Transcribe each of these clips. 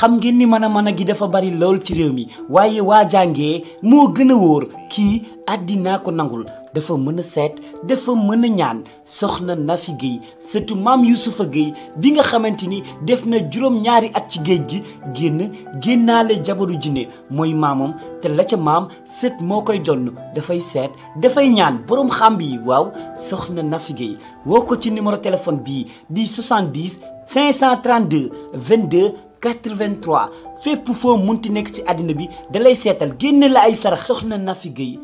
xam ngeen ni mën a mën a gi dafa bari lool ci réew mi waaye waa jàngee moo gën a wóor kii àddinaa ko nangul dafa mën a seet dafa mën a ñaan soxna Nafi Guèye surtout maam Youssoufa Guèye bi nga xamante ni def na juróom ñaari at ci géej gi génn génnaale jabaru jinne mooy maamam te la ca maam sët moo koy donn dafay seet dafay ñaan boroom xàmb yi waaw soxna Nafi Guèye woo ko ci numéro téléphone bii di 70 532 22 83 fépp foo munti nekk ci àddina bi dalay seetal génne la ay sarax soxna Nafi Guèye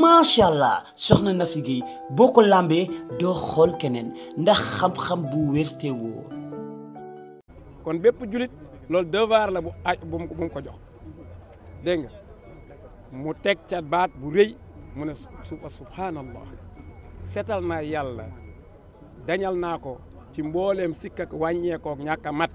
macha allah soxna Nafi Guèye boo ko làmbee doo xool keneen ndax xam-xam bu wérte woo kon bépp julit loolu devoir la bu aj bu mu ko jox dégg nga mu teg ca baat bu rëy mu ne subhanallah seetal naa yàlla dañal naa ko ci mbooleem sikk ak wàññeekoo ñàkka mat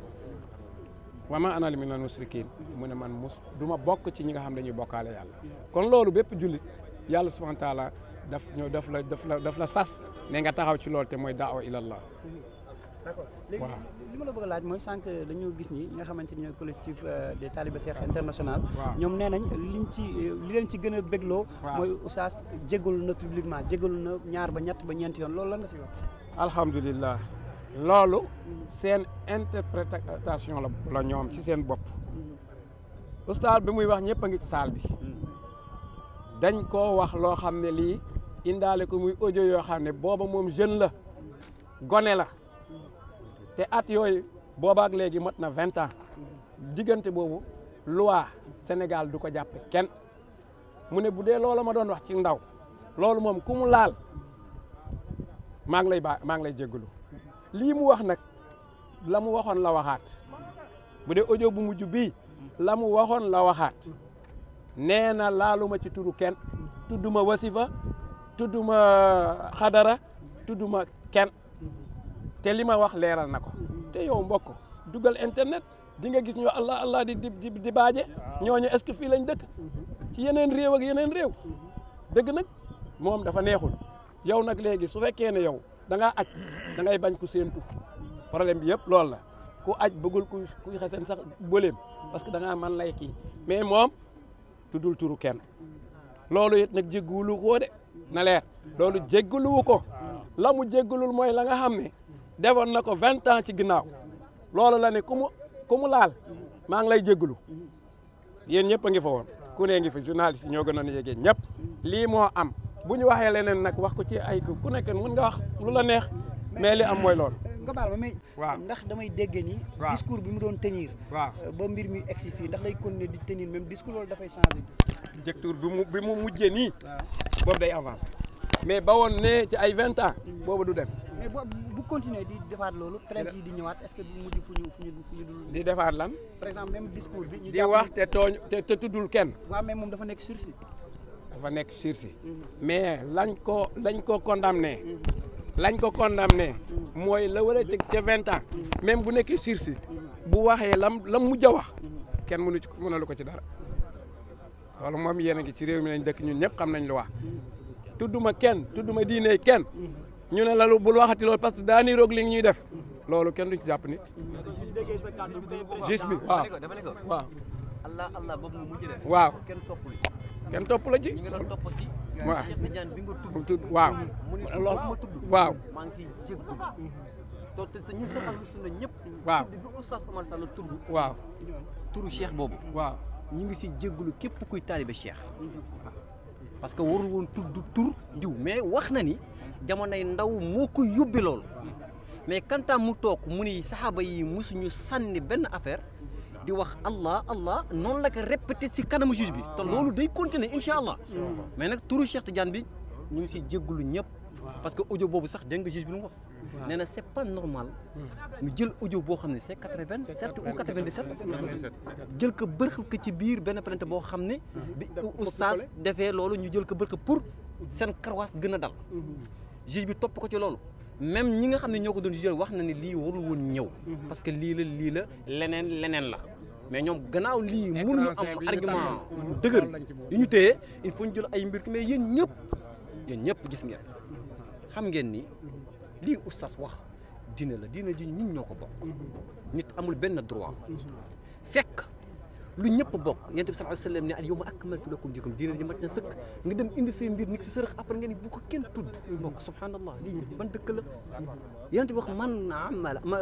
wa ma ana minal musrikin mu ne man mus du ma bokk ci ñi nga xam ne dañuy bokkaale yàlla kon loolu bépp jullit yàlla subhanahu wa daf ñëw daf la la daf la sas ne nga taxaw ci loolu te mooy daaw ilallah d'accord léegi li ma la bëgg laaj mooy sànq dañu gis ni nga xamante ni ñooy collectif euh, des talibé Cheikh international ñoom nee li liñ ci li leen ci gën a bégloo mooy oustaz jégalu na publiquement jégalu na ñaar ba ñett ba ñeent yoon loolu la nga si wax alhamdulilah loolu seen interprétation la la ñoom ci seen bopp ustaas bi muy wax ñëpp a ngi ci saal bi dañ ko wax loo xam ne lii indaale ko muy audio yoo xam ne booba moom jeune la gone la te at yooyu boobaak léegi mat na vingt ans diggante boobu loi Sénégal du ko jàppe kenn mu ne bu dee loola ma doon wax ci ndaw loolu moom ku mu laal maa ngi lay ba maa ngi lay jéggalu lii mu wax nag la mu waxoon la waxaat bu de audio bu mujj bii la mu waxoon la waxaat nee na laaluma ci turu kenn tudduma wasifa tudduma xadara tudduma kenn te li ma wax leeral na ko te yow mbokk dugal internet di nga gis ñoo allah allah di di di baaje ñooñu est-ce que fii lañ dëkk ci yeneen réew ak yeneen réew mhm. dëgg nag moom dafa neexul yow nag léegi su fekkee ne yow da ngaa aj da ngay bañ ku séentu problème bi yëpp loolu la ku aj bëggul ku kuy xaseen sax bëleem parce que da man lay kii mais moom tuddul tur kenn loolu it nag jéggalu ko de na leer loolu jéggaluwu ko la mu jéggalul mooy la nga xam ne defoon na ko vingt ans ci ginnaaw loolu la ne ku mu laal maa ngi lay jéggalu yéen ñëpp a ngi fa woon ku ne ngi fi journaliste ñoo gënoon a yegee ñëpp lii moo am bu ñu waxee leneen nag wax ko ci ay ku nekk mën nga wax lu la neex mais li am mooy lool. nga baal ma mais. ndax damay déggee ni. waaw discours bi mu doon tenir. waaw euh, ba mbir mi egsi fii ndax lay continuer di tenir même discours loolu dafay changer. jëktur bi mu bi mu mujjee nii. boobu day avancer. mais ba woon ne ci ay vingt ans. Mm. boobu du dem. mais bu continuer di defaat loolu. plainte yi di ñëwaat est-ce que du mujj fu ñu fu ñu fu ñu. di defaat lan. par exemple di wax te tooñ te tuddul kenn. waaw mais moom dafa nekk sursis. dafa nekk sursis mais lañ ko lañ ko condamné lañ ko condamné mooy la war a teg vingt ans même bu nekkee sursis bu waxee lam lam mujj a wax kenn mënu ci mënalu ko ci dara loolu moom yéen a ngi ci réew mi lañ dëkk ñun ñëpp xam nañ lu wax tudduma kenn tudduma diine kenn ñu ne lalu bul waxati loolu parce que daa ni roog li ñuy def loolu kenn du ci jàpp nit justice bi waaw waaw waaw kenn topp la ci. ñu ngi doon waaw mu tudd waaw. mu tudd. waaw maa ngi siy jégalu. Mhm. te te ñun sax ahlu cheikh boobu. waaw ñu ngi siy jégalu képp kuy taalibe cheikh. Mhm. parce que warul woon tudd tur diw mais wax na ni jamonoy ndaw moo ko yóbbi loolu mhm. mais kantaa mu toog mu ni saxaaba yi mosuñu sànni benn affaire. di wax allah allah noonu la ko répété si kanam juge bi te loolu day continuer incha allah mais nag turu Cheikh Tidiane bi ñu ngi si jéggulu ñëpp parce que audio boobu sax dégg nga bi lu mu hmm. jël audio boo xam ne c'est quatre-vingt-sept ou quatre vingt ci biir benn plainte boo xam ne hmm. bi oustaz defee loolu ñu jël ko bërxal pour hmm. seen karwaas gën a dal juge bi topp ko ci loolu même ñi nga xam ne ñoo ko doon jugé wax na ni lii warul woon ñëw parce que lii la lii la leneen leneen la mais ñoom gannaaw lii mënuñu am argument dëgër yu ñu téye il faut ñu jël ay mbir mais yéen ñëpp yéen ñëpp gis ngeen xam ngeen ni lii oustaz wax dina la diine ji ñun ñoo ko bokk mhm. nit amul benn droit fekk lu ñëpp bokk yonent bi sallallahu alayhi wa sallam ne al yawma akmaltu lakum diinakum diina ji mat na sëkk nga dem indi seen mbir nit si sërëx après nga ni bu ko kenn tudd bokk subhanallah lii ban dëkk la yonent bi wax man amala ma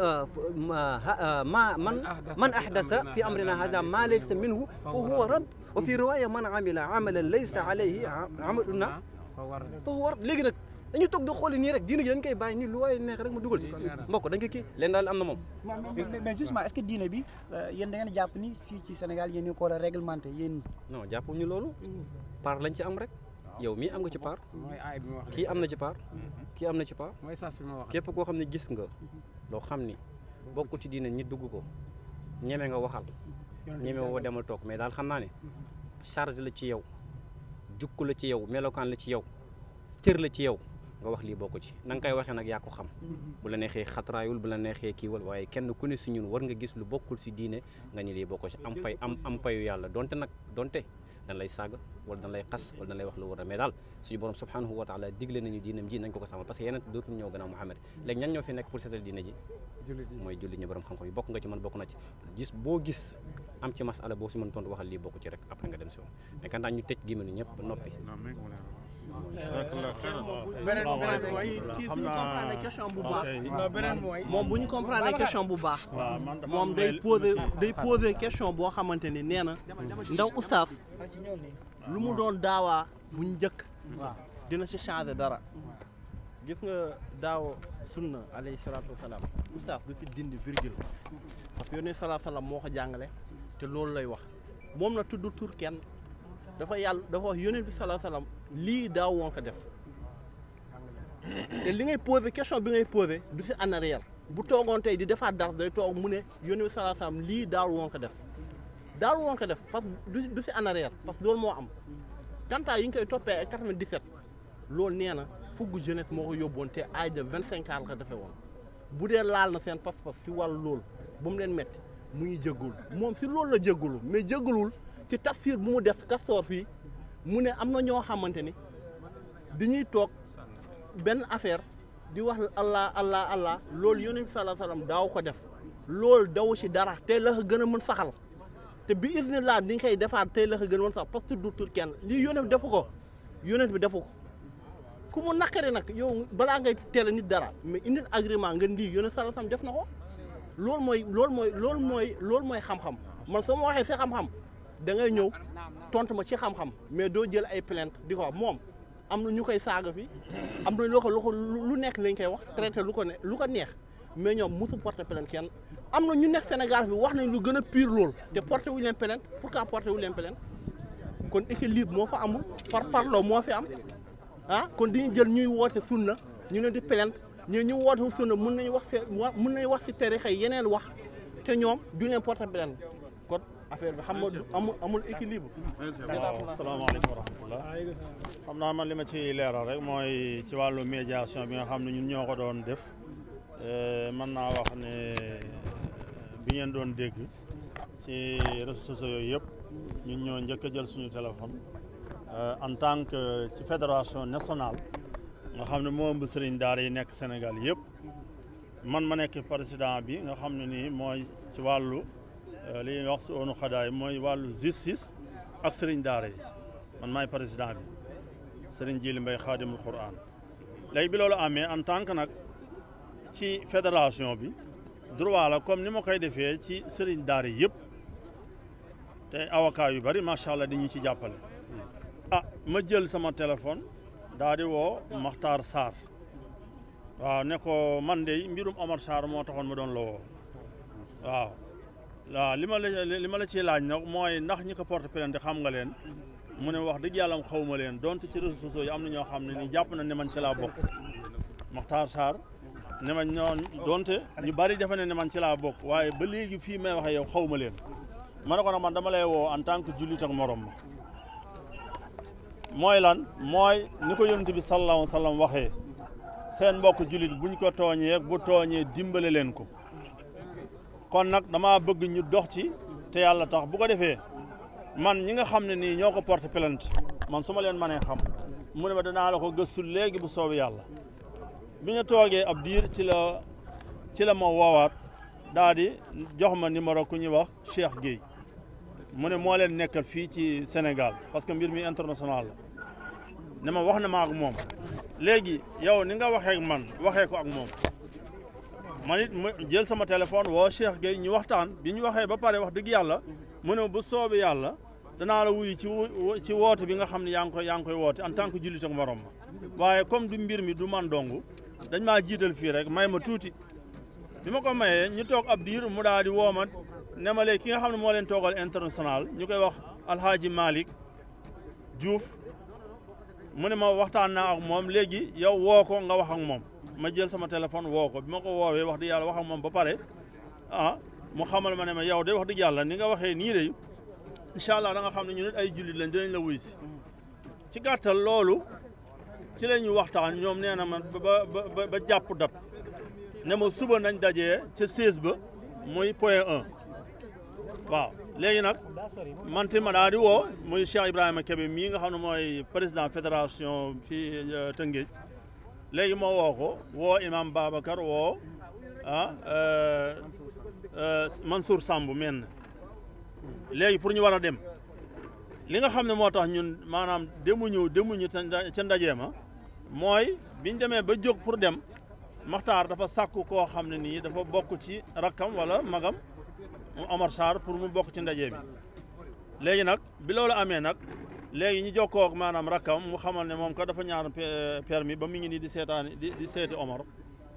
ah, ah, man man ahdasa fi amrina hada ma laysa minhu fa huwa rad wa fi riwaya man amila amalan laysa alayhi amaluna fa huwa rad léegi nag dañu toog di xooli nii rek diine gi dañ koy bàyyi nii lu waaye neex rek mu dugal si mbokk dañ koy kii leen daal am na moom mais justement est-ce que bi euh, yéen da ngeen jàpp ni fii ci Sénégal yéen ñu ko war a réglementé yéen non jàpp ñu loolu par lañ ci am rek yow mi am nga ci part mhm. kii am na ci part kii am na ci part képp koo xam ne gis nga loo xam ni bokk ci diine ñi dugg ko ñeme nga waxal ñeme woo demal toog mais daal xam naa ne charge la ci yow jukk la ci yow melokaan la ci yow cër la ci yow nga wax lii bokk ci na nga koy waxee nag yaa ko xam mm-hmm. bu la neexee xatraayul bu la neexee kiiwal waaye kenn ku ne si ñun war nga gis lu bokkul si diine nga ñu lii bokku ci am pay am am payu yàlla donte nag a wa taala digle nañu diinam ji nañ ko ko sàmmal parce que yeneen dootul ñëw gannaaw Muhammad mm-hmm. léegi ñan ñoo fi nekk pour seetal diine ji mooy jullit ñi borom xam-xam yi bokk nga ci man bokk na ci gis boo gis am ci masala boo si mën tontu waxal lii bokk ci rek après nga dem si woon mm-hmm. mais ñu tëj gémmiñu ñëpp nopp d'accord xam naa waaw beneen mooy moom bu ñu comprendre question bu baax. moom day poser day poser question boo xamante ni nee na ndaw ustaaf lu mu doon daawa bu njëkk. dina ci changer dara. gis nga daaw sunna alayhi salaatu wasalaam ustaaf du fi dindi virgule parce que yónnee salaam moo ko jàngale te loolu lay wax moom la tudd tur kenn. dafa yàlla dafa wax yonent bi salaa salaam lii daaw woon def te li ngay posé question bi ngay posé du si en bu toogoon tey di defaat dara day toog mu ne yonent bi salaa salaam lii daaw woon def daaw woon def parce que du si en arrière parce que loolu moo am kantaa yi nga koy toppee ay 97 lool nee na fukk jeunesse moo ko yóbboon te âge de 25 ans la ko defee woon bu dee laal na seen pas-pas si wàllu lool ba mu leen metti mu ngi jégalu moom si loolu la jégalu mais jégalul. ci tafsir bu mu def Castor fii mu ne am na ñoo xamante ni dañuy toog benn affaire di wax allah allah allah loolu yonent bi sallallahu alayhi daaw ko def lool daw ci dara tey la ko gën a mën saxal te bi iznillah laa nga koy defaat tey la ko a mën sax parce que du tur kenn lii yonent bi defu ko yonent bi defu ko ku mu naqari nag yow balaa ngay teel a nit dara mais indi agrément nga lii yonent sallallahu alayhi wasallam def na ko loolu mooy loolu mooy loolu mooy loolu mooy xam-xam man soo ma waxee fi xam-xam da ngay ñëw tontu ma ci xam-xam mais doo jël ay plainte di ko moom am na ñu koy saaga fi am na loo ko loo ko lu nekk lañ koy wax traité lu ko ne lu ko neex mais ñoom mosu porté plainte kenn am na ñu nekk Sénégal bi wax nañ lu gën a pire loolu te porté wuñ leen plainte pourquoi porté wuñ leen plainte kon équilibre moo fa amul par parloo moo fi am ah kon dañuy jël ñuy woote sunna ñu leen di plainte ñu ñu woote sunna mun nañu wax fi mun nañu wax si tarixa yeneen wax te ñoom duñ leen porté plainte kon affaire bi xam nga amul amul équilibre. am salaamaaleykum wa rahmatullah xam naa man li ma ci leeral rek mooy ci wàllu médiation bi nga xam ne ñun ñoo ko doon def eh, man naa wax ne eh, bi ngeen doon dégg ci réseaux sociaux yooyu yëpp ñun ñoo njëkk a jël suñu téléphone eh, en tant que ci fédération national nga xam ne moo ëmb sëriñ daara yi nekk Sénégal yëpp man ma nekk président bi nga xam ne nii mooy ci wàllu. Euh, li ñuy wax si xadaay mooy wàllu justice ak sëriñ daara yi man maay président bi sëriñ Jili Mbay xaadimul Quraan léegi bi loolu amee en tant que nag ci fédération bi droit la comme ni ma koy defee ci sëriñ daara yëpp te avocat yu bari macha allah dañu ci jàppale. ah ma jël sama téléphone daa di woo Makhtar Sarr waaw ne ko man de mbirum Omar Sarr moo taxoon ma doon la woo waaw. waaw li ma la li ma la ciy laaj nag mooy ndax ñi ko porte plainte xam nga leen mu ne wax dëgg yàlla xaw ma leen donte ci réseaux sociaux am na ñoo xam ne nii jàpp na ne man ci laa bokk Makhtar Sarr ne ma ñoon donte ñu bari defe ne ne man ci laa bokk waaye ba léegi fii may waxe yow xaw ma leen ma ne ko man dama lay woo en tant que jullit ak morom ma mooy lan mooy ni ko yonent bi sallallahu alayhi wa sallam waxee seen mbokk jullit buñ ko tooñee bu tooñee dimbale leen ko kon nag dama bëgg ñu dox ci te yàlla tax bu ko defee man ñi nga xam ne nii ñoo ko porte plainte man su ma leen mënee xam mu ne ma danaa la ko gëstu léegi bu soobi yàlla bi ñu toogee ab diir ci la ci la ma woowaat daadi di jox ma numéro ku ñuy wax Cheikh Guèye mu ne moo leen nekkal fii ci Sénégal parce que mbir mi international la ne ma wax ne ma ak moom léegi yow ni nga waxee man waxee ko ak moom man ma jël sama téléphone woo Cheikh Gueye ñi waxtaan bi ñu waxee ba pare wax dëgg yàlla mu ne bu soobee yàlla danaa la wuyu ci ci woote bi nga xam ne yaa ngi koy yaa ngi woote en tant que morom ma waaye comme du mbir mi du man dong dañ maa jiital fii rek may ma tuuti bi ma ko maye ñu toog ab diir mu daal di woo ma ne ma léegi ki nga xam ne moo leen toogal international ñu koy wax alhaaji malik Diouf mu ne ma waxtaan naa moom léegi yow woo ko nga wax ak moom ma jël sama téléphone woo ko bi ma ko woowee wax dëgg yàlla wax moom ba pare ah mu xamal ma ne ma yow de wax dëgg yàlla ni nga waxee nii de incha allah da nga xam ne ñu nit ay jullit lañ dinañ la wuy ci gàttal loolu ci la ñu waxtaan ñoom nee na ma ba ba ba jàpp dab ne ma suba nañ dajee ca 16 ba muy point 1 waaw léegi nag man ti ma daal di woo muy Cheikh Ibrahima Kébé mii nga xam ne mooy président fédération fii euh, Tëngéej léegi moo woo ko woo imam Babacar woo ah euh, euh, sambu Samb menn léegi pour ñu war a dem li nga xam ne moo tax ñun maanaam ñëw demuñu demuñu ca ndaje ma mooy biñ demee ba jóg pour dem maxtaar dafa sàkku koo xam ne nii dafa bokk ci rakkam wala magam mu Omar Sarr pour mu bokk ci ndaje bi léegi nag bi amee nag léegi ñu jokkoo ak maanaam rakkam mu xamal ne moom ka dafa ñaar eh, permis ba mu ngi nii di seetaani di di seeti Omar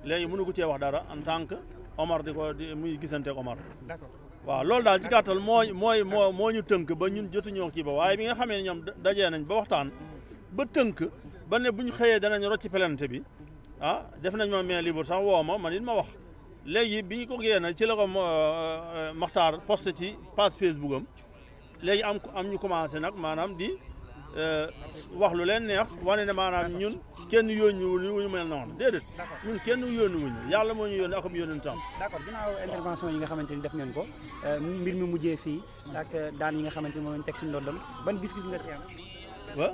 léegi mënu ko cee wax dara en tant que Omar di ko di muy gisante ak Omar. d'accord waaw loolu daal ci gàttal mooy mooy moo moo ñu tënk ba ñun jotuñoo kii ba waaye bi nga xamee ñoom dajee nañ ba waxtaan ba tënk ba ne bu ñu xëyee danañ rocc pelante bi ah def nañ ma main libre sax woo ma man it ma wax léegi bi ñu ko génnee ci la ko eh, eh, Maxtaar posté ci page Facebook am. léegi am am ñu commencé nag maanaam di euh, wax lu leen neex wane na maanaam ñun kenn yónni wuñu mel noonu déedéet ñun kenn yónni wuñu yàlla moo ñu yónni akom yónnentam d'accord ginnaaw intervention yi nga xamante ni def ngeen ko euh, mbir mi mujjee fii ak euh, daan yi nga xamante ni moom lañ teg suñu ndoddam ban gis-gis nga ci am waaw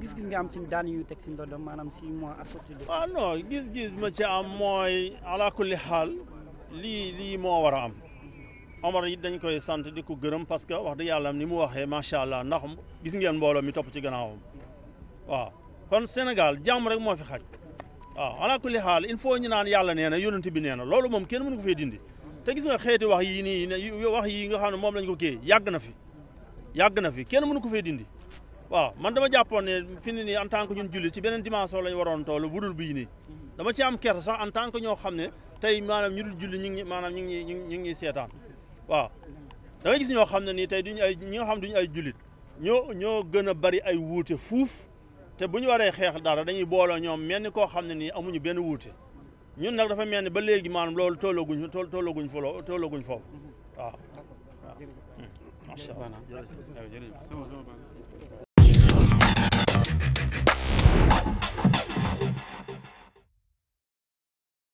gis-gis nga am ci daan yu teg si ndoddam maanaam si mois assorti ah non gis-gis ma ci am mooy ala kulli xaal lii lii moo war am Omar it dañ koy sant di ko gërëm parce wax dëgg yàlla ni mu waxee macha allah ndax gis ngeen mbooloo mi topp ci gannaawam waaw kon Sénégal jàmm rek moo fi xaj waaw ala kulli xaal il faut ñu naan yàlla nee na yonent bi loolu moom kenn mënu ko fee dindi te gis nga xeeti wax yii nii wax yii ga xam ne moom lañ ko kii yàgg na fi yàgg na fi kenn mënu ko fee dindi waaw man dama jàppoon ne fi ni nii en tant que ñun jullit ci beneen dimension lañ waroon ne tey maanaam ñu dul julli ñu ngi maanaam waaw da ngay ñoo xam ne nii tey duñu ay ñi nga xam duñu ay jullit ñoo ñoo gën a bari ay wuute fuuf te bu ñu waree xeex dara dañuy booloo ñoom mel ni koo xam ne nii amuñu benn wuute ñun nag dafa mel ni ba léegi maanaam loolu tollaguñ tollaguñ folo tollaguñ foofu waaw waaw macha allah